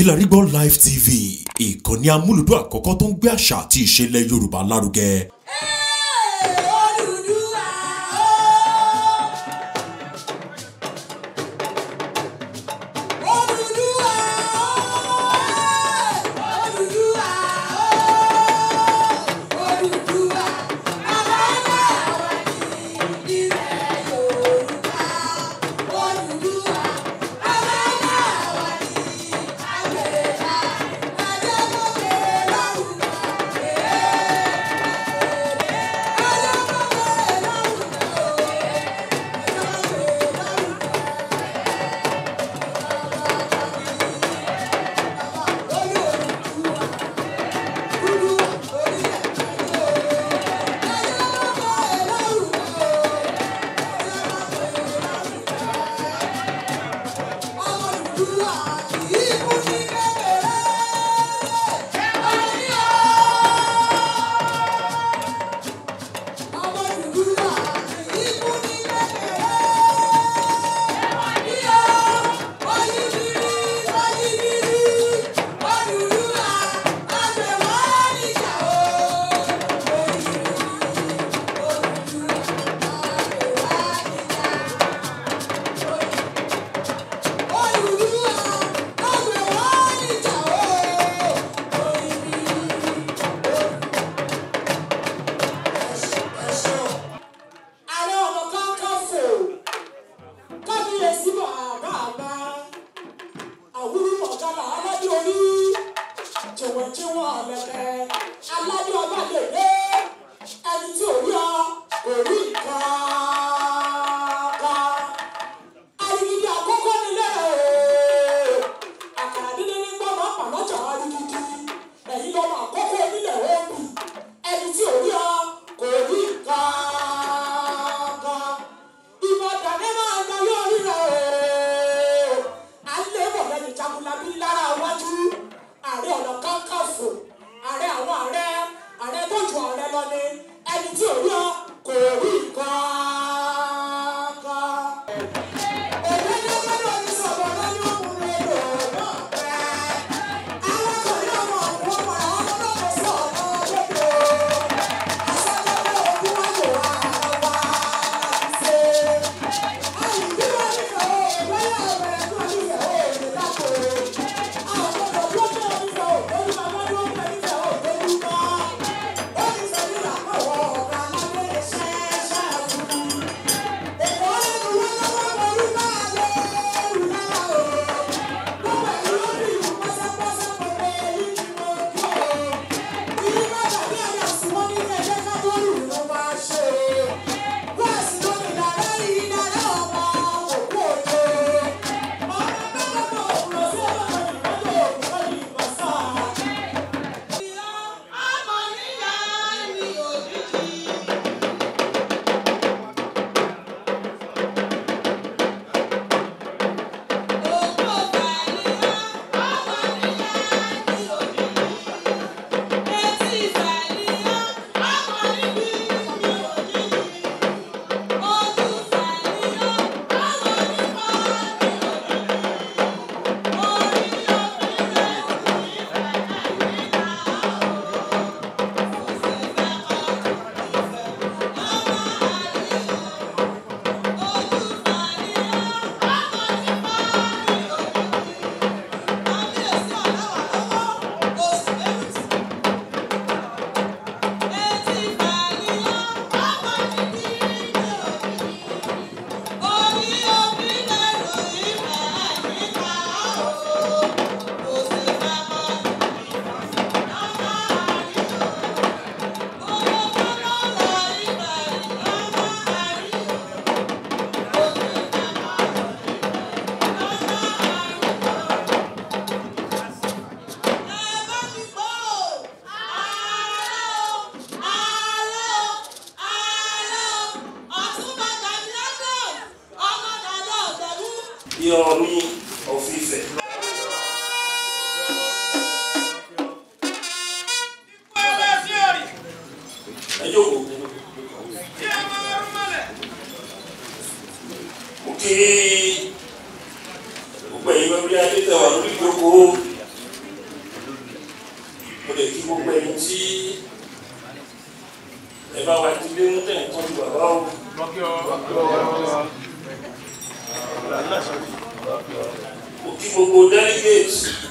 Kilarigbo Live TV ìkànnì amúlùdún àkọ́kọ́ tó ń gbé àṣà àti ìṣẹ̀lẹ̀ Yorùbá lárugẹ. Hey! e ó, people go delegates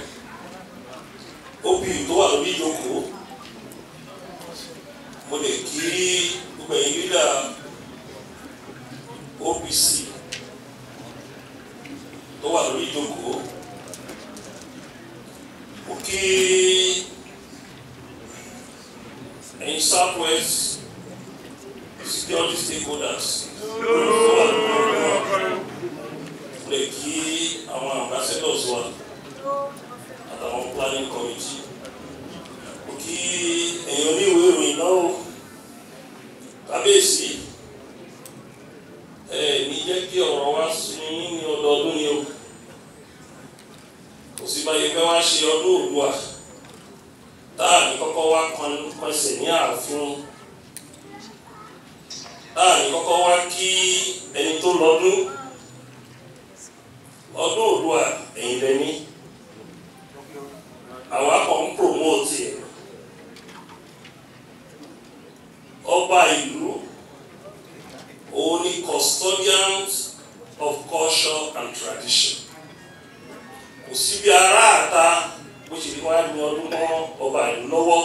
síbi ará àta bó ṣe fi wá lu ọdún mọ́ ọba ìlú lọ́wọ́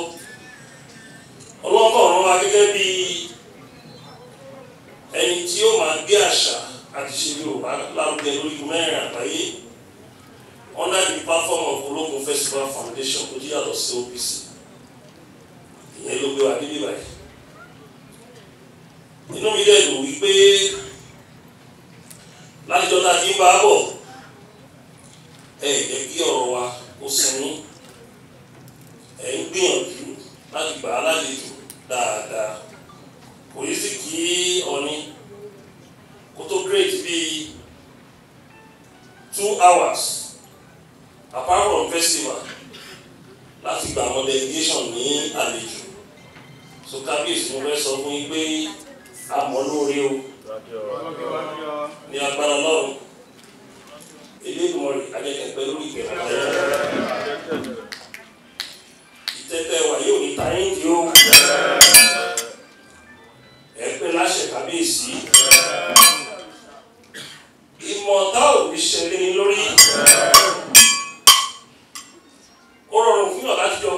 ọlọ́kọ̀ ọ̀rọ̀ wa gẹ́gẹ́ bí ẹni tí ó máa gbé àṣà àti ṣe Yorùbá lárugẹ lórí mẹ́rin àgbáyé under the platform of Ológun Festival Foundation kò yíyàtọ̀ sí OPC ìyẹn ló gbé wa débi báyìí inú mi dẹ̀ lò wí pé láti jọ tá a ti ń bá a bọ̀ ẹ jẹ́ kí ọ̀rọ̀ wa kó sinmi ẹ ń gbìyànjú láti gbà á lálejò dáadáa kò yí sí kí ọ̀ni kó tó great bíi two hours apart from festival láti gba àwọn delegation ní àlejò so kábíyèsí mo fẹ́ sọ fún yín pé a mọ̀ lóore o.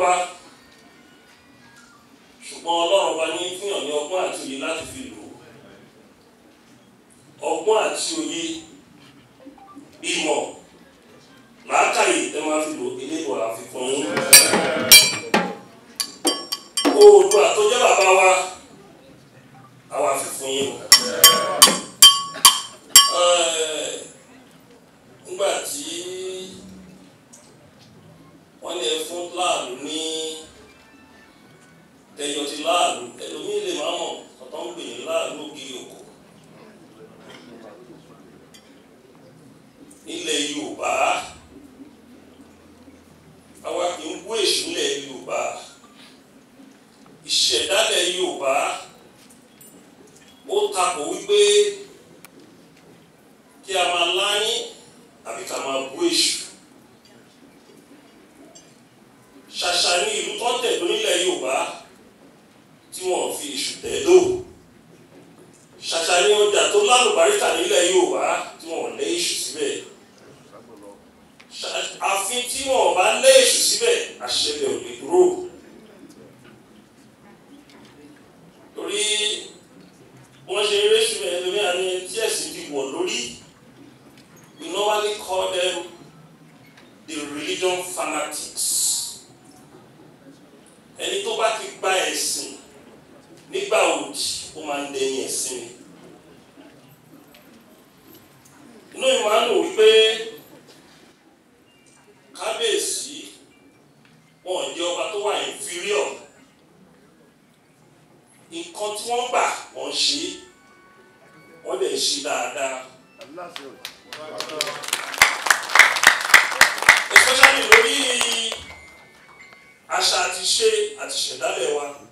ọba ṣùgbọ́n ọlọ́run ọba ní fúnyàn ní ọgbọ́n àti òye láti fi lò ọgbọ́n àti òye ìmọ̀ làákàyè ẹ máa fi lò eléyìí wà àfikún bàbá wa àwa fún yìí That's another one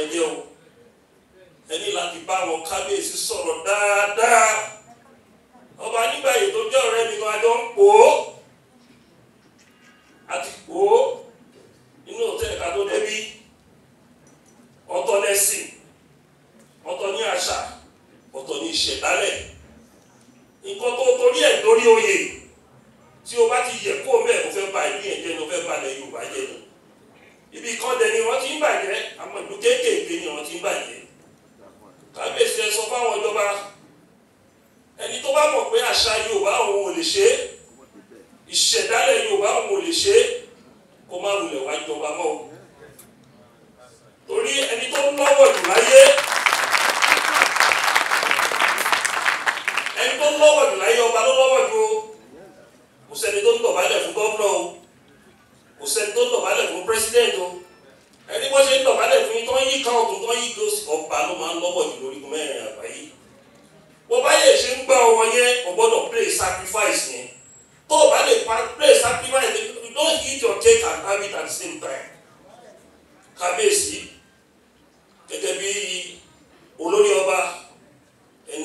rẹ jẹ́ o ẹni láti bá wọn kábíyèsí sọ̀rọ̀ dáadáa ọba nígbà yìí tó jẹ́ ọ̀rẹ́ mi kan àjọ ń pò ó àti pò ó inú òtẹ́ ẹ̀ka tó débi ọ̀tọ̀ lẹ́sìn ọ̀tọ̀ ní àṣà ọ̀tọ̀ ní ìṣẹ̀dálẹ̀ nǹkan tó torí ẹ̀ lórí oyè tí o bá ti yẹ kó mẹ́ẹ̀ o fẹ́ ba ìlú yẹn ni o fẹ́ ba Yorùbá jẹ́ ni ibi kan dẹ̀ ni wọ́n ti ń bàjẹ́ àmọ́ ìlú kéékèèké ni wọ́n ti ń bàjẹ́ kábíyèsí ẹ sọ fáwọn ìjọba ẹni tó bá mọ̀ pé àṣà Yorùbá òun ò lè ṣe é ìṣẹ̀dálẹ̀ Yorùbá òun ò lè ṣe é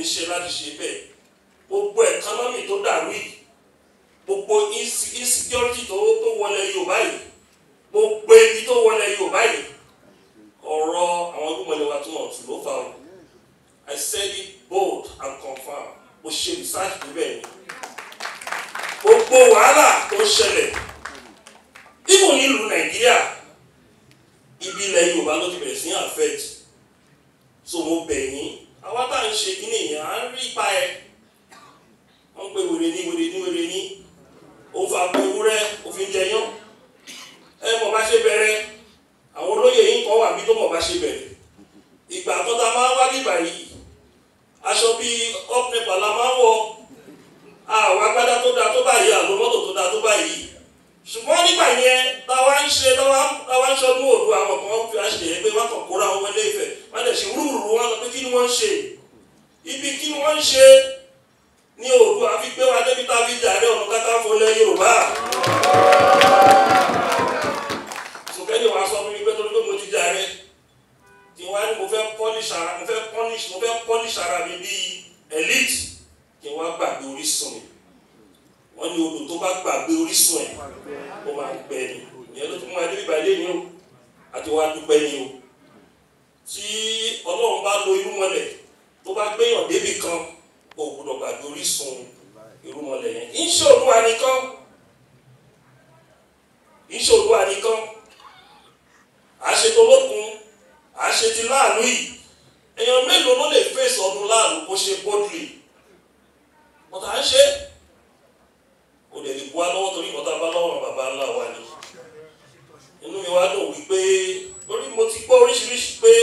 níṣẹ́ láti ṣe bẹ́ẹ̀ gbogbo ẹ̀kánọ́mì tó dàrú yìí gbogbo insecurity tó tó wọlé Yorùbá yìí gbogbo ebi tó wọlé Yorùbá yìí ọ̀rọ̀ àwọn olúmọ̀lẹ́ wa tó hàn tù ló fà ó I said it bold and confirm mo ṣe research níbẹ̀ ni gbogbo wàhálà tó ṣẹlẹ̀ ibò nílùú Nàìjíríà ibi ilẹ̀ Yorùbá ló ti bẹ̀rẹ̀ sí àfẹ́jì so mo bẹ̀ yín àwa bá ń ṣe kí nìyẹn à ń rí ipa ẹ wọ́n pe wèrè ní wèrè ní wèrè ní òun fà pé òfin jẹyán ẹ mọ̀ bá ṣe orísun ni wọ́n ní odò tó bá gbàgbé orísun ẹ̀ ó máa ń gbẹ ni ìyẹn ló tún máa dé ìbàdí ni o àti wàá dúpẹ́ ni o tí ọlọ́run bá lo irúmọlẹ̀ tó bá gbéyàn débì kan kò gbọdọ̀ gbàgbé orísun irúmọlẹ̀ yẹn iṣẹ́ olúwa nìkan iṣẹ́ olúwa nìkan àṣetolókun àṣetiláàánú yìí èèyàn mélòó ló lè fèsì ọdún láàánú kó ṣe bọ́dùlì wọn tà ń ṣe o lè bu wa lọ́wọ́ torí ìkọ́ta bá lọ́wọ́ bàbá ńlá wa ni inú mi wá dùn wípé lórí mo ti gbọ́ oríṣiríṣi pé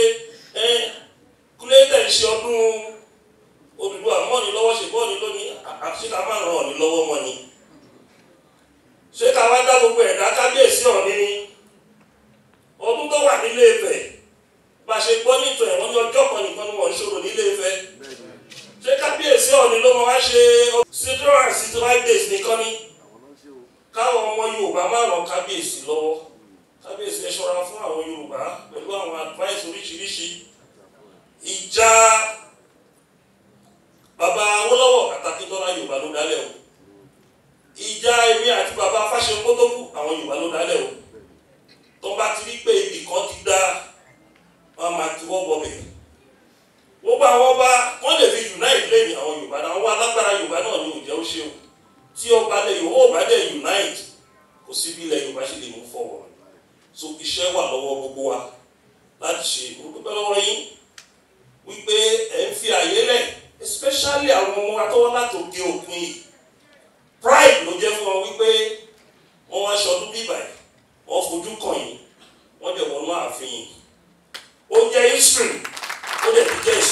èmi àti bàbá Fáṣepó tó kù àwọn Yorùbá ló dálẹ̀ o tó bá ti rí pé ibì kan ti dá wọn máa ti wọ́ wọ́ bẹ̀. wọ́n bá wọ́n bá wọ́n lè fi unite lẹ́yìn àwọn Yorùbá náà wọ́n alágbára Yorùbá náà ni òjẹ́ ó ṣeun tí ọba lè yòówó ọba dẹ̀ unite kò sí bí ilẹ̀ Yorùbá ṣe lè mú fọwọ́ so iṣẹ́ wà lọ́wọ́ gbogbo wa láti ṣe olùdókòwò lọ́wọ́ yín wípé ẹ̀ ń fi àyè lẹ̀ especially àwọn ọmọ atọ́wọ́ láti òde òkun yìí pride ló jẹ́ fún wọn wípé wọ́n wá ṣọdún bíbà yìí wọ́n fojú kàn yìí wọ́n jẹ̀ wọ́n máa fi yìn ó jẹ́ history ó dẹ̀ ti jẹ́ ìṣ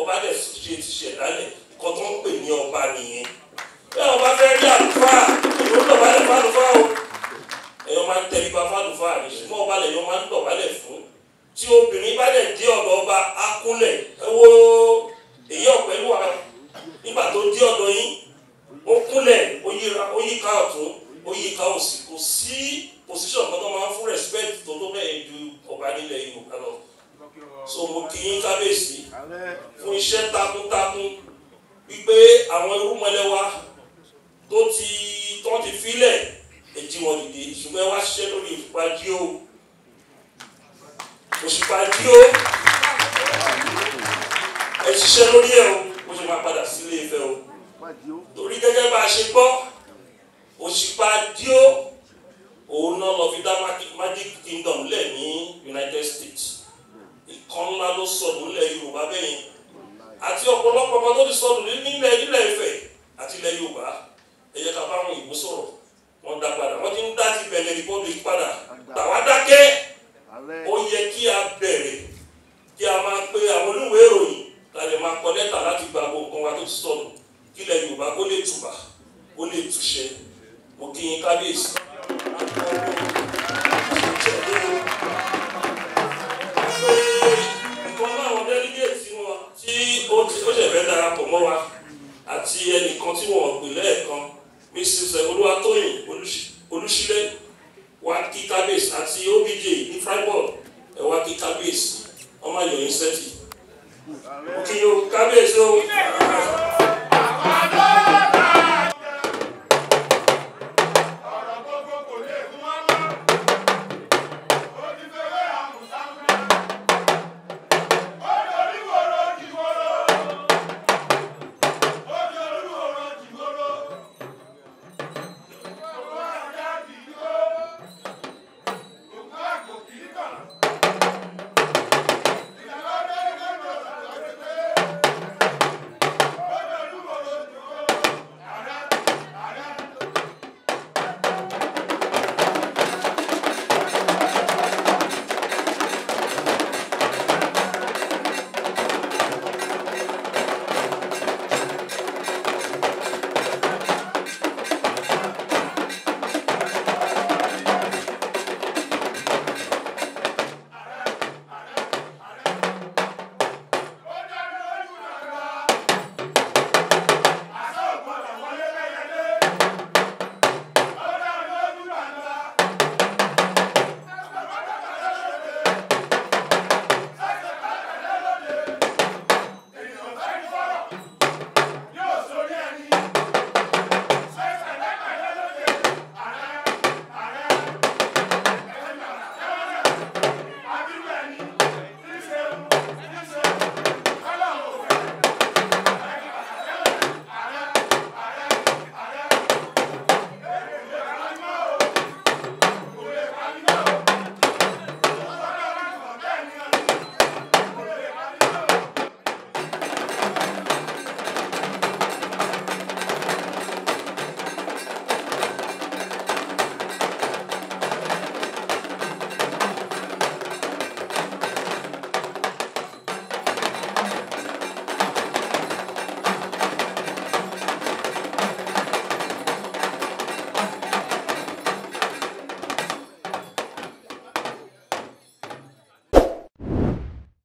ọba dẹ̀ ṣe ti ṣẹ̀dálẹ̀ nǹkan tó ń pè ní ọba nìyẹn bẹ́ẹ̀ ọba fẹ́ rí àlùfáà ìlú ń dọ̀bálẹ̀ fálùfáà o ẹ̀yọ́ máa ń tẹríba fálùfáà ní ṣùgbọ́n ọba lẹ̀yọ́ máa ń dọ̀bálẹ̀ fún tí obìnrin bá dẹ̀ dé ọ̀dọ̀ ọba akúnlẹ̀ ẹ wo èyí ọ̀pẹ̀lú wa nígbà tó dé ọ̀dọ̀ yín ó kúnlẹ̀ ó yí ká ọ̀tún ó yí ká òsì kò sí position kan tó máa ń fún respect tó tó bẹ́ẹ̀ ju ọba nílẹ̀ Yorùbá lọ so mo kí yín kábíyèsí fún iṣẹ́ takuntakun wípé àwọn irúmọlẹ̀ wa tó ti tó ti filẹ̀ èjì wọn dìde ṣùgbọ́n ẹ wá ṣiṣẹ́ lórí òṣùpá jíó òṣùpá jíó ẹ ṣiṣẹ́ lórí ẹ o mo ṣe máa padà sílé Ifẹ̀ o torí gẹ́gẹ́ bá a ṣe gbọ́ òṣùpá jíó òun náà lọ fi dá Magic Kingdom lẹ̀ ní United States kan ńlá ló sọnù nílẹ̀ Yorùbá bẹ́yìn àti ọ̀pọ̀lọpọ̀ ọmọ tó ti sọnù nílẹ̀ nílẹ̀ Ifẹ̀ àti ilẹ̀ Yorùbá ẹ jẹ́ ká bá wọn ìbò sọ̀rọ̀ wọ́n dá padà wọ́n ti ń dá ti bẹ̀rẹ̀ republic padà tàwa dákẹ́ ó yẹ kí a bẹ̀rẹ̀ kí a máa pe àwọn olúwèé ìròyìn láti máa kọ lẹ́tà láti gba gbogbo wa tó ti sọnù kí ilẹ̀ Yorùbá kó lè tùbà kó lè túṣẹ mo kí yín kábíyèsí. ṣẹ̀fẹ́ darapọ̀ mọ́ wa àti ẹnìkan tí wọ́n pè lẹ́ẹ̀kan mrs olúwatóyìn olúṣílẹ̀ wa kí kábíyèsí àti obj ní freiburg ẹ̀ wá kí kábíyèsí ọmọ ayọ̀yìn sẹ́tì òkè yóò kábíyèsí o.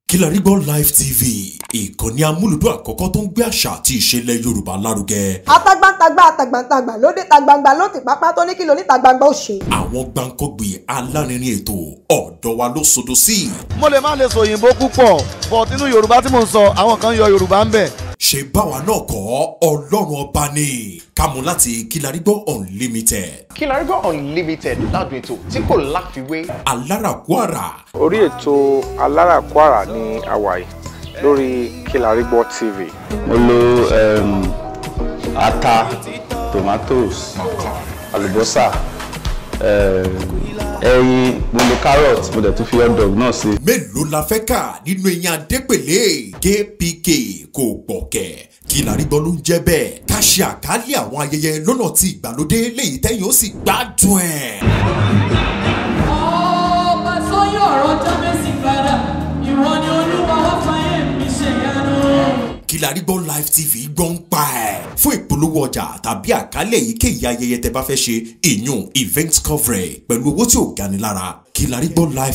Kilarigbo Live TV ìkànnì amúlùdún àkọ́kọ́ tó ń gbé àṣà àti ìṣẹ̀lẹ̀ Yorùbá lárugẹ. atagbantagba atagbantagba lóde tagbangba ló ti pápá tó ní kí lóní tagbangba ó ṣe. àwọn gbàǹkọ̀gbì alárinrin ètò ọ̀dọ́ wa ló sodo sí. mo lè má lè sọ òyìnbó púpọ̀ bọ̀ nínú Yorùbá tí mo ń sọ àwọn kan yọ Yorùbá ń bẹ̀ ṣe bá wa náà kọ́ ọlọ́run ọba ni kámú láti kílarígbọ́ unlimited. kílarígbọ́ unlimited ládùn ètò tí kò láfiwé. aláràkúàrà. orí ètò aláràkúàrà ní hawaii lórí kílarígbọ́ tv. mo lo um, ata tomatoes àlùbọ́sà. Um, ẹyin mo lè carrot mo dẹ̀ tún fi hot dog náà sí. mélòó la fẹ́ kà nínú eyín adépèlé kpk kò gbọ̀kẹ̀ kí la rí gbọ́ ló ń jẹ́ bẹ́ẹ̀ ká ṣe àkálẹ̀ àwọn ayẹyẹ lọ́nà tí ìgbàlódé léyìí tẹ́yìn ó sì gbádùn ẹ̀. ọba sọyọ ọ̀rọ̀ jọmẹsì padà ìrọ kí la rí gbọ́ live tv gbọ́ ń pa ẹ̀. fún ìpolówó ọjà tàbí àkálẹ̀ èyíkéyìí ayẹyẹ tẹ́ bá fẹ́ ṣe ìyún event coverage pẹ̀lú owó tí ò gani lára kí gbọ́ live